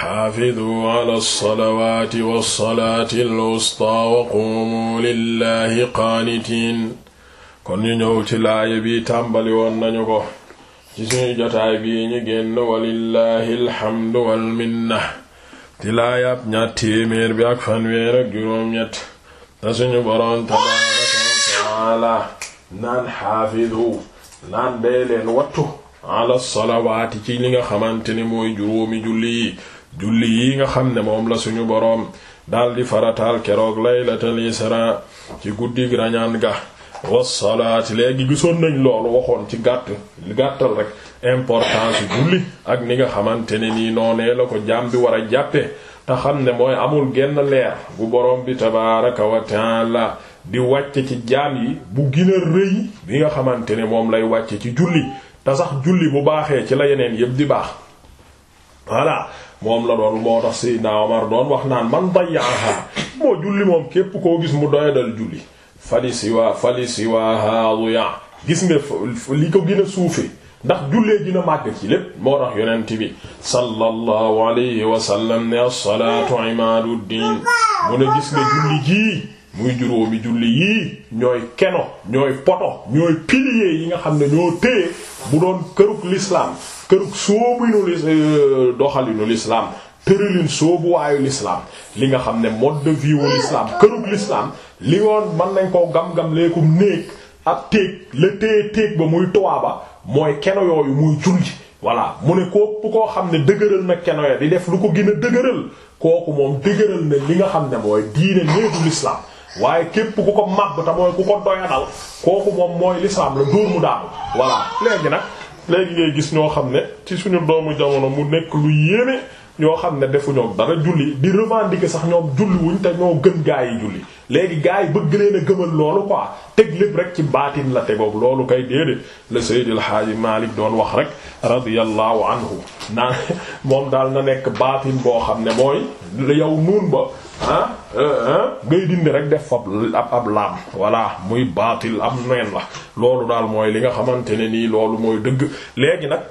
xaafidu ala salawaati wa salaati alwusta wa quumu lillahi qaanitiin kon ñu ñëw ci laaya bi tàmbali woon nañu ko ci suñu jotaay bii ñu génn walillahi alxamdu walminna ci laayaab ñaar bi ak fanweer ak juróom-ñett te suñu boroom tabaaraka wa taala naan xaafidu naan dee leen wattu ala salawaati ci li nga xamante ne mooy juróomi julli yi julli yi nga xam ne moom la suñu boroom daldi faratal keroog la isra ci guddi rañaan ga wassalaati léegi gisoon nañ loolu waxoon ci gàtt gàttal rek importance julli ak ni nga xamante ne nii noonee la ko jaam bi war a jàppe te xam ne mooy amul genn leer bu boroom bi tabaaraka wa la di wàcc ci jaam yi bu gën rëy bi nga xamante ne moom lay wàcc ci julli te sax julli bu baaxee ci la yeneen yépp di baax voilà moom la doon moo tax Seydina Omar doon wax naan man dayyaaha moo julli moom képp koo gis mu doyadal julli fali siwa fali siwa gis nga li ko gën a ndax jullee gën a màgg ci lépp moo tax yonent bi sallallahu alayhi wa sallam ne as-salaatu diin mu ne gis nga julli jii muy juróomi julli yii ñooy keno ñooy poto ñooy pilier yi nga xam ne ñoo téye bu doon kërug l'islam kërug sóobinu li euh, doxalinu l'islam tëralin sóobuwaayu l'islam li nga xam ne mode de vie wu l'islam kërug l'islam li yoon mën koo gam-gam leekum néeg ab téeg la téye ba muy tuwaaba mooy keno yooyu muy julli mu ne kooku koo xam ne dëgëral na keno ya di ko gën a dëgëral kooku moom dëgëral na li nga xam ne mooy diine néegu l'islam waaye képp ku ko màbb te mooy ku ko doyadal kooku moom mooy l'islam la dóor mu daanu voilà léegi nag léegi ngay gis ñoo xam ne ci suñu doomu jamono mu nekk lu yéeme ñoo xam ne defuñoo dara julli di revendiquer sax ñoom julli wuñ te ñoo gën gaa yi julli léegi gaa yi bëgg leen a gëmal loolu quoi teg lépp rek ci baatin la tegoog loolu kay déedéet la Seydil Haaji Malik doon wax rek radiyallahu anhu naan moom daal na nekk baatin boo xam ne mooy yow nuun ba ah ngay dindi rek def ab ab laam voilà muy baatil ab neen la loolu daal mooy li nga xamante ne nii loolu mooy dëgg léegi nag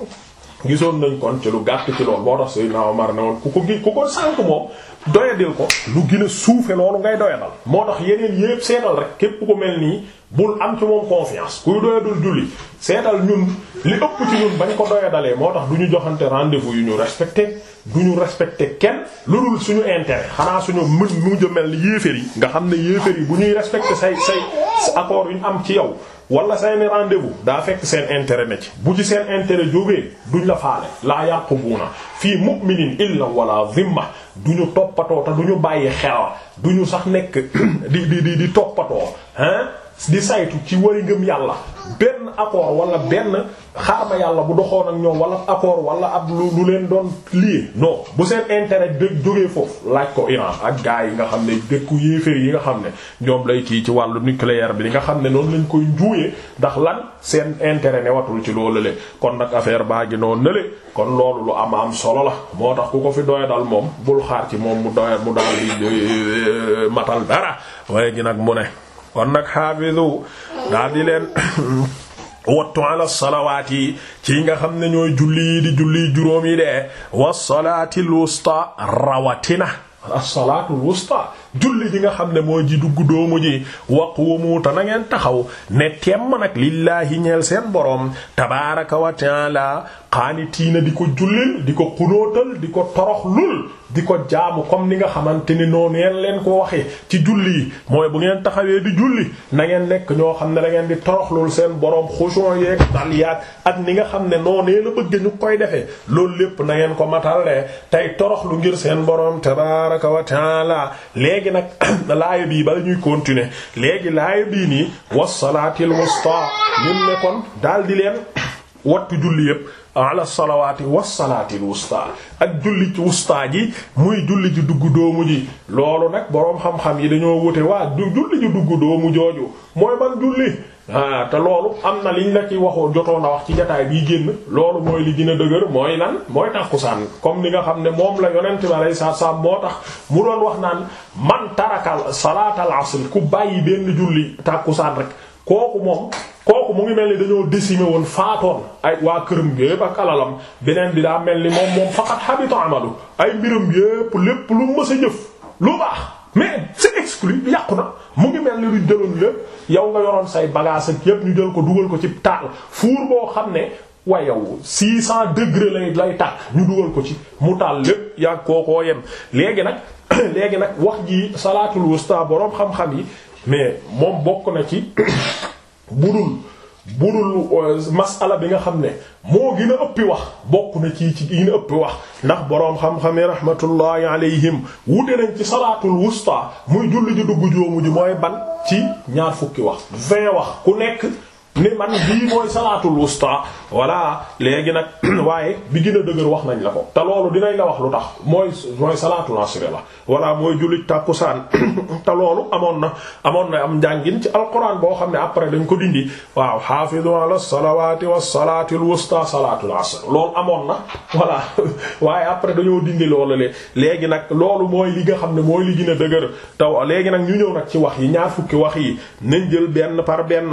gisoon nañ kon ci lu gàtt ci loolu boo tax Seydina Omar ne woon ku ko gi ku ko sànk moom doyadil ko lu gën a suufe loolu ngay doyadal moo tax yeneen yépp seetal rek képp ko mel nii bul am ci moom confiance kuy doyadul julli seetal ñun li ëpp ci ñun bañ ko doyadalee moo tax du ñu joxante rendez-vous yu ñu respecté du ñu respecté kenn lu dul suñu intérêt xanaa suñu mën mu jëmel ni yéeféer yi nga xam ne yéeféer yi bu ñuy respecté say say accord yu ñu am ci yow wala seeni rendez-vous daa fekk seen intérêt ne ci bu ci seen intéret jógee duñ la faale laa yàqu buuna fii mu'minin illa wala zimma du ñu toppatoo te du ñu bàyyi xel du ñu sax nekk di di di toppatoo hein di saytu ci way ngëm yàlla benn accord walla benn xarma yàlla bu doxoon ak ñoom wala accord wala ab lu leen doon lii non bu seen intérêt dé jógee foofu laaj ko Iran ak gars yi nga xam ne dëkku yéeféer yi nga xam ne ñoom lay kii ci wàllu nucléaire bi li nga xam ne noonu lañ koy njuuyee ndax lan seen intérêt newatul ci loolu le kon nag affaire baa gi noo nale kon loolu lu am am solo la moo tax ku ko fi doya dal moom bul xaar ci moom mu doya mu daal di euh, matal dara kon nag xaafizu daal di leen wattu ala salawaat yi ci nga xam ne ñooy julli yi di julli juróom yi de wa salaatil wusta rawatina as-salaatul wusta julli ji nga xam ne mooy ji dugg doomu ji waqumu te na ngeen taxaw ne temm nag lillaahi ñeel seen boroom tabaaraka wa taala qaanitiina di ko jullil di ko xunóotal di ko torox di ko jaamu comme ni nga xamante ni noonu yeen leen ko ci julli yi mooy bu ngeen taxawee di julli na ngeen nekk ñoo xam ne da ngeen di torox seen boroom xushon yeeg daliyaat ni nga xam ne noonee la bëgg ñu koy defee loolu lépp na ngeen ko matal tey torox ngir seen boroom tabaaraka léegi nag laaya bii bala ñuy continuer léegi laaya bii nii wasalaatil wusta ñun ne kon daal di leen wattu julli yépp ala salawaati wasalaatil wusta ak julli ci wusta ji muy julli ji dugg doomu ji loolu nag boroom xam-xam yi dañoo wute waa du julli ji dugg doomu jooju mooy man julli ah te loolu am na liñ la ci waxoo jotoon a wax ci jotaay bii génn loolu mooy li gën a dëgër mooy lan mooy tàkkusaan comme ni nga xam ne moom la yonent bi alayhi salaatu moo tax mu doon wax naan man tarakal salaatal asr ku bàyyi benn julli tàkkusaan rek kooku moom kooku mu ngi mel ni dañoo décimer woon faatoon ay waa kër yépp ak alalam beneen bi daa mel ni moom moom faqat habita amalu ay mbiram yépp lépp lu mës a jëf lu baax mais c'est exclu yàqu na mu ngi mel ni lu jëloon lépp yow nga yoroon say bagage ak yépp ñu jël ko dugal ko ci taal fuur boo xam ne waaye yow 600 degré lay lay tàkk ñu dugal ko ci mu taal lépp yaa koo yem léegi nag léegi nag wax ji salaatul wusta boroom xam-xam yi mais moom bokk na ci budul budul euh, masala bi nga xam ne moo gën a ëppi wax bokk na ci ci gën ëpp wax ndax boroom xam-xam yi rahmatullahi alayhim wute nañ ci salaatul wusta muy julli ji dugg joomu ji mooy ban ci ñaar fukki wax vingt wax ku nekk ni man bii mooy salaatul wusta voilà léegi nag waaye bi gën a dëgër wax nañ la ko te loolu dinañ la wax lu tax mooy mooy salaatul asr la voilà mooy jullit saan te loolu amoon na amoon na am njàngin ci alquran boo xam ne après dañ ko dindi waaw hafizu ala salawati was salatil wusta salaatul asr loolu amoon na voilà waaye après dañoo dindi loolu le léegi nag loolu mooy li nga xam ne mooy li gën dëgër taw léegi nag ñu ñëw nag ci wax yi ñaar fukki wax yi nañ jël benn par benn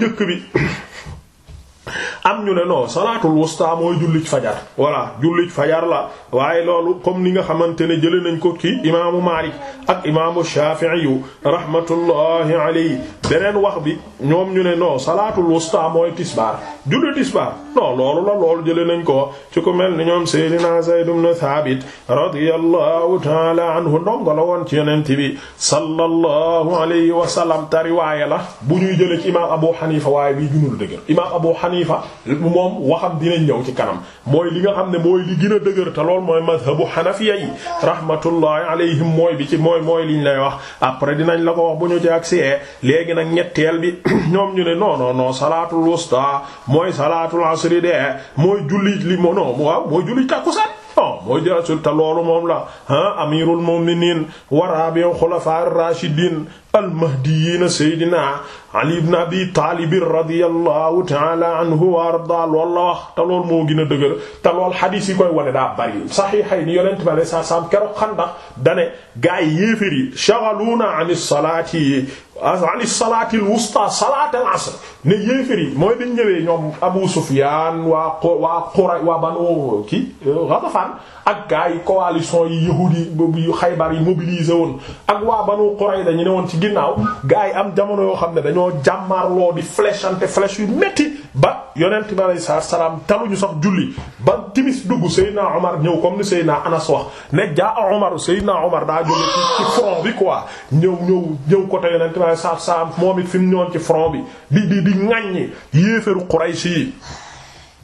njëkk bi am ñu ne non salaatul wusta mooy jullit fajar voilà jullit fajar la waaye loolu comme ni nga xamante ne jëlee nañ ko ci imaamu Maalik ak imaamu Shaafi'i yu rahmatullahi alayhi beneen wax bi ñoom ñu ne noo salaatu wusta mooy tisbaar julli tisbaar non loolu la loolu jëlee nañ ko ci ku mel ni ñoom Seydina Zayd ibn Thabit radiyallahu ta'ala anhu ndongo la woon ci yonent bi sallallahu alayhi wa sallam ta riwaaya la bu ñuy jëlee ci imaam Abu Hanifa waaye bi junul dëgër imaam Abu Hanifa moom waxam dinañ ñëw ci kanam mooy li nga xam ne mooy li gën a lool mooy mazhabu xanafiya yi rahmatullahi alayhim mooy bi ci mooy mooy liñ lay wax après dinañ la ko wax bu ñu ci agsee léegi nag ñetteel bi ñoom ñu ne non non non salaatul wusta mooy salaatul asri de mooy julli li mo non waaw mooy julli tàkkusaan bon mooy jaasul te loolu moom la ah amirul mu'minin wa rabi'u khulafa ar-rashidin al-mahdiyyin saydina ali ibn abi taalib radiyallahu ta'ala anhu wa arda loolu la wax te loolu moo gën a dëgër te lool xadiis yi koy wane daa bari saxiixay ni yonent bi alayhi salaam keroog xandax dane gaay yéefér yi shaghaluuna anis salaati an salaatil wusta salaatil asr ne yéefar yi mooy dañ ñëwee ñoom Abu Sufyaan waa waa Quraysh waa Banu ki euh, Ghatafaan ak gaa yi coalition yi yahuudi yu Xaybar yi mobilise woon ak waa Banu yi dañu ne woon ci ginnaaw gaa yi am jamono yoo xam ne dañoo jàmmarloo di flèchante flèche yu metti ba yonent bi alayhi salaatu salaam ñu sax julli ba timis dugg Seydina Omar ñëw comme ni Seydina Anas wax ne jaa Omar Seydina Omar daa jóge ci front bi quoi ñëw ñëw ñëw côté yonent bi alayhi salaatu salaam moom it fi mu ñoon ci front bi di di di ŋaññi yéefaru Quraysh yi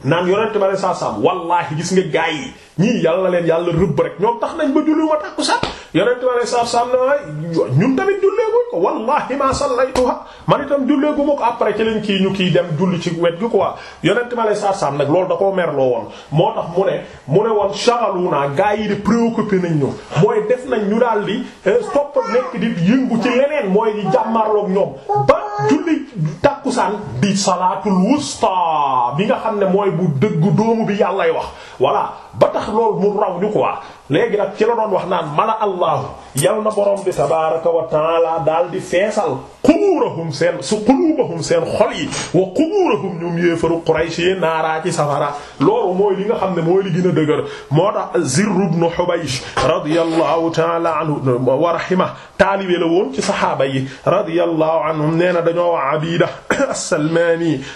naan yonent bi alayhi salaatu salaam wallaahi gis nga gaay yi. ñii yàlla leen yàlla rëbb rek ñoom tax nañ ba julliwuma tàkkusaan yonent bi alayhi salaatu salaam ne ñun tamit julleeguñ ko wallahi ma sallaytuha man itam julleegu ma ko après ci lañ kii ñu kii dem julli ci wet gi quoi yonent bi alayhi salaatu salaam nag loolu da koo merloo woon moo tax mu ne mu ne woon shaghaluna gaa yi di préoccupé nañ ñu mooy def nañ ñu daal di eh, topp nekk di yëngu ci leneen mooy di jàmmarloog ñoom ba julli tàkkusaan di salaatul wusta bi nga xam ne mooy bu dëgg doomu bi yàllay wax tax loolu mu raw ñu quoi léegi nag ci la doon wax naan mala allahu yal na borom bi tabaaraka wa taala daal di feesal qubuurahum seen su quluubahum seen xol wa qubuurahum ñoom yéefaru Quraysh yi naaraa ci safara loo mooy li nga xam ne mooy li gën a dëgër moo tax Zirr ibn Hubaysh radiyallahu taala anhu wa rahima taalibe la woon ci saxaaba yi radiyallahu anhum nee na dañoo wax Abida as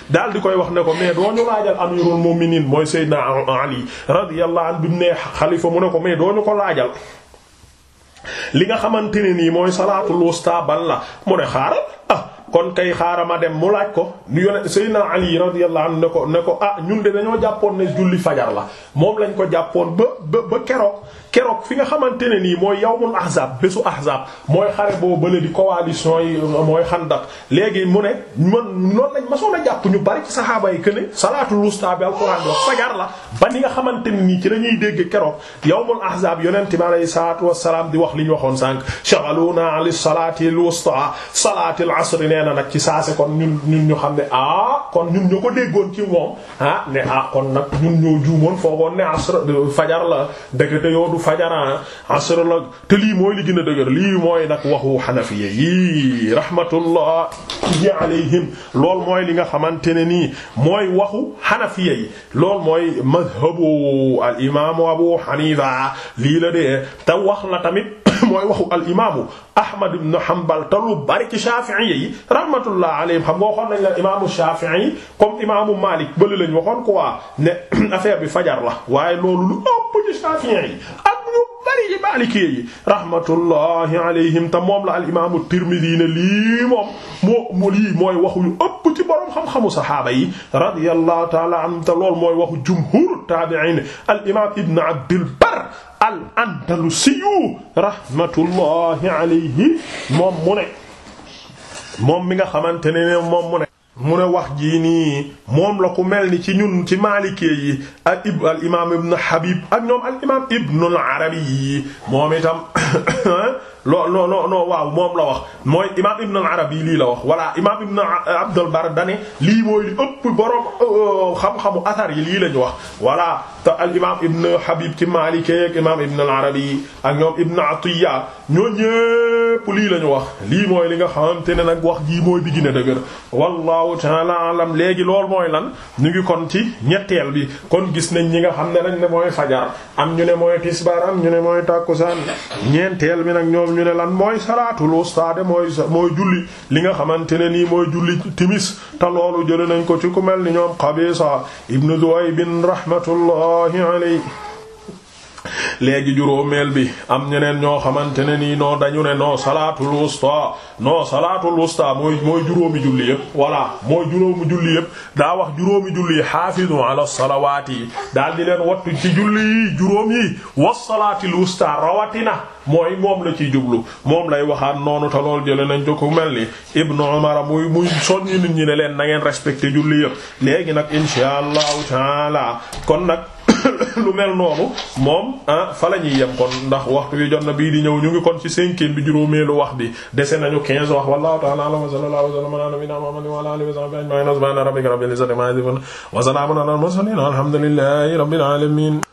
daal di koy wax ne ko mais doo ñu laajal amiirul mooy Seydina Ali radiyallahu anhu bi mu ne xalifa ne ko mais dooñu ko laajal li nga xamante ne nii mooy salaatul wusta ban la mu ne xaaral ah kon kay xaaral ma dem mu laaj ko ñu yone Seydina Ali radiyallahu anhu ne ko ne ko ah ñun de dañoo jàppoon ne julli fajar la moom lañ ko jàppoon ba ba ba keroog. keroog fi nga xamante ne nii mooy yawmul ahzab bésu ahzab mooy xare boo bële di coalition yi mooy xandak léegi mu ne man noonu lañ masoon a jàpp ñu bari ci saxaaba yi que ne salaatul wusta bi alxuraan wax la ba ni nga xamante ne nii ci la ñuy dégg keroog yawmul ahzab yonent bi alayhi salaatu wassalaam di wax li ñu waxoon sànq shaghaluna an salaatil wusta salaatil asr nee na nag ci saase kon ñun ñun ñu xam ne ah kon ñun ñu ko déggoon ci moom ah ne ah kon nag ñun ñoo juumoon foogoon ne asr fajar la dëgg te fajaran ah, asr la te lii mooy li gën a dëgër lii mooy nag waxu xanafiya yi rahmatullah alayhim lool mooy li nga xamante ne nii mooy waxu xanafiya yi lool mooy madhabu al imaamu abu xanifa lii la dee te wax la tamit mooy waxu al imaamu Ahmad ibn Hanbal te lu bari ci Shafi'i yi rahmatullah alayhim xam nga waxoon nañ la imaamu Shafi'i comme imaamu Malik bële lañ waxoon quoi ne affaire bi fajar la waaye loolu lu ëpp ci Shafi'i yi ak ñu bari ci Maliki yi rahmatullahi alayhim te moom la al imaamu Tirmidhi ne lii moom moo lii mooy waxu yu ëpp ci borom xam-xamu saxaaba yi radiyallahu ta'ala anhum te loolu mooy waxu jumhur tabi'in al imaam Ibn Abdul Barr al andalusiyu rahmatullahi alayhi moom mu ne moom mi nga xamante ne moom mu ne mu ne wax ji nii moom la ku mel ni ci ñun ci maalikee yi ak ib al imaam ibn ak ñoom al imaam Arabi yi moom itam loo loo loo loo waaw moom la wax mooy imaam ibnul Arabi lii la wax walla imaam ibn Abdul Bar dane lii mooy li ëpp borom euh, xam-xamu asar yi lii la ñu wax. walla te al imaam ibn Habib ci maalikee ak Arabi ak ñoom ibn Atiya ñoo ñëw. yépp lii la ñu wax lii mooy li nga xamante ne nag wax jii mooy bi gën a dëgër wallahu ta'ala léegi loolu mooy lan ñu ngi kon ci ñetteel bi kon gis nañ ñi nga xam ne dañ ne mooy fajar am ñu ne mooy tisbaar am ñu ne mooy tàkkusaan ñeenteel bi nag ñoom ñu ne lan mooy salaatul wusta mooy mooy julli li nga xamante ne nii mooy julli timis te loolu jële nañ ko ci ku mel ni ñoom Qabisa ibnu Duway bin rahmatullahi alayhi léegi juróomeel bi am ñeneen ñoo xamante ne nii non dañu ne non salaatul wusta non salaatul wusta mooy juróomi julli yëpp voilà mooy juróomi julli yëpp daa wax juróomi julli yi xaafizu ala salawaati yi daal di leen wattu ci julli yi juróom yi wasalaatil wusta rawatina mooy moom la ci jublu moom lay waxaat noonu te lool jëlee nañ ko ku mel ni Ibnu Umar muy muy soññi nit ñi ne leen na ngeen respecté julli yëpp léegi nag insha allahu taala kon nag. lu mel noonu moom ah fa kon ndax waxtu wi jot na bii di kon ci cinquième bi juróomeelu wax bi dese nañu quinze wax wallahu ta'ala a'lam wa sallallahu wa sallama ala nabiyyina muhammadin wa ala alihi wa sahbihi ajma'in subhana rabbika rabbil izzati amma yasifun wa alhamdulillahi rabbil alamin